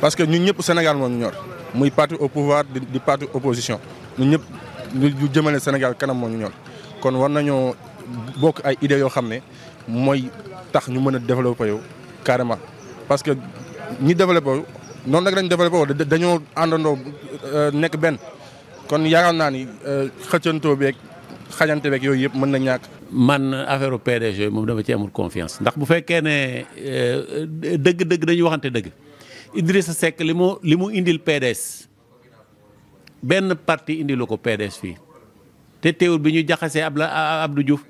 parce que ñu ñëpp Sénégal moom ñor muy parti au pouvoir di parti opposition ñun ñëpp ñu jëmale Sénégal kanam moo ñu ñor kon war nañoo bokk ay idées yoo xam ne mooy tax ñu mën a développé yow carrément parce que ñi développé wu noonu nag dañ développé woo dañoo àndandoo euh, nekk benn kon yaakaar naa ni euh, xëccantoo beeg xajante beeg yooyu yëpp mën na ñàkk. man affaire PDG yooyu moom dama ci amul confiance ndax bu fekkee ne euh, dëgg-dëgg dañuy waxante dëgg Idrissa Seck li mu li mu indil PDS benn parti indilu ko PDS fii te teewul bi ñu jaxasee ab la Abla Abdou Diouf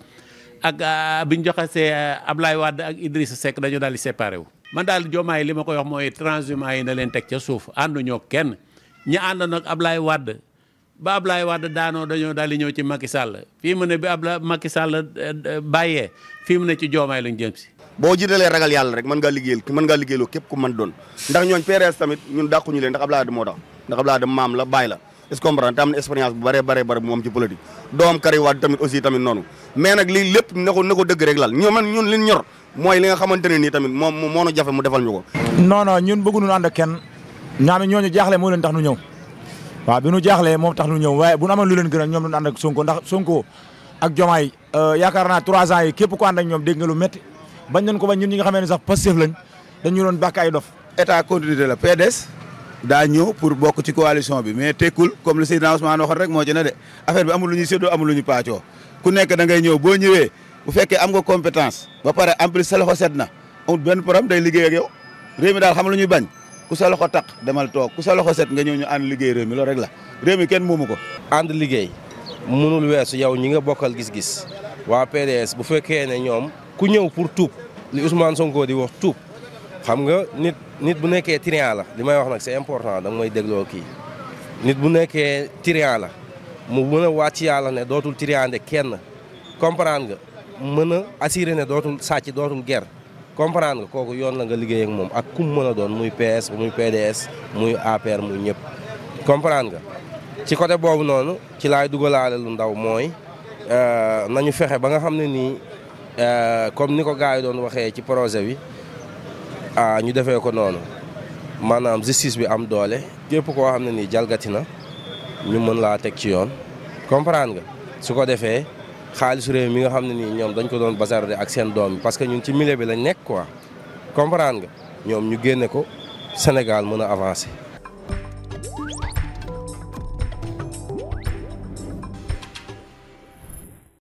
ak euh, bi ñu jaxasee euh, Ablaye Wade ak Idrissa Seck dañu daal di séparé wu. man daal Diomaye li ma ko wax mooy transhumance yi na leen teg ca suuf ànduñoo kenn ànd nag ab Ablaye wàdd ba Ablaye Wade daanoo dañoo daal di ñëw ci Macky Sall fii mu bi Ablaye Macky Sall eh, eh, bàyyee fii mu ne ci joomaay lañ jëm si. boo jiitalee ragal yàlla rek mën nga liggéeyal mën nga liggéeyaloo képp ku mën doon ndax ñooñ PRS tamit ñun dàquñu leen ndax Ablaye Wade moo tax ndax Ablaye Wade maam la bàyyi la est-ce expérience bu bare bare bare bu moom ci politique doom Karim Wade tamit aussi tamit noonu mais nag lii lépp na na ko dëgg rek lal ñoo man ñun liñ ñor mooy li nga xamante ne nii moom moo nu jafe mu defal ñu ko non non ñun bëgguñu ànd ak kenn ñaami ñooñu jaaxle moo leen tax nu ñëw waaw bi nu jaaxlee moom tax nu ñëw waaye bu nu amoon lu leen gënal ñoom du ñu ànd ak Sonko ndax Sonko ak Jomaay euh, yaakaar naa trois ans yi képp ku ànd ak ñoom dégg nga lu métti bañ nañ ko ba ñun ñi nga xamee ne sax Pastef lañ dañu doon bàkk ay dof. état continuité la PDS daa ñëw pour bokk ci coalition bi mais tekkul comme le Seydina Ousmane waxoon rek moo ci ne de affaire bi amul lu ñuy séddoo amul lu ñu paacoo ku nekk da ngay ñëw boo ñëwee bu fekkee am nga compétence ba pare en plus sa loxo na amul benn problème day liggéey ak yow réew ñuy bañ ku sa loxo taq demal toog ku sa loxo set nga ñëw ñu ànd liggéey réew mi loolu rek la réew mi kenn moomu ko. ànd liggéey mënul weesu yow ñi nga bokkal gis-gis waa PDS bu fekkee ne ñoom ku ñëw pour tuub li Ousmane Sonko di wax tuub xam nga nit nit bu nekkee tyran la li may wax nag c'est important danga may dégloo kii nit bu nekkee tyran la mu mën a wàcc yàlla ne dootul tyrande kenn comprendre nga mën a assurer ne dootul sàcc dootul ger comprendre nga kooku yoon la nga liggéey ak moom ak kum mën a doon muy PS muy PDS muy APR muy ñëpp comprendre ga ci côté boobu noonu ci laay dugalaale lu ndaw mooy euh, nañu fexe ba nga xam ne nii euh, comme ni ko gars doon waxee ci projet bi ah ñu defee ko noonu maanaam justice bi am doole képp koo xam ne nii jalgati na ñu mën laa teg ci yoon comprendre nga su ko defee xaalisu réew mi nga xam ne ni ñoom dañ ko doon bazarder ak seen doom yi parce que ñun ci milieu bi lañ nekk quoi comprendre nga ñoom ñu génne ko Sénégal mun a avancer.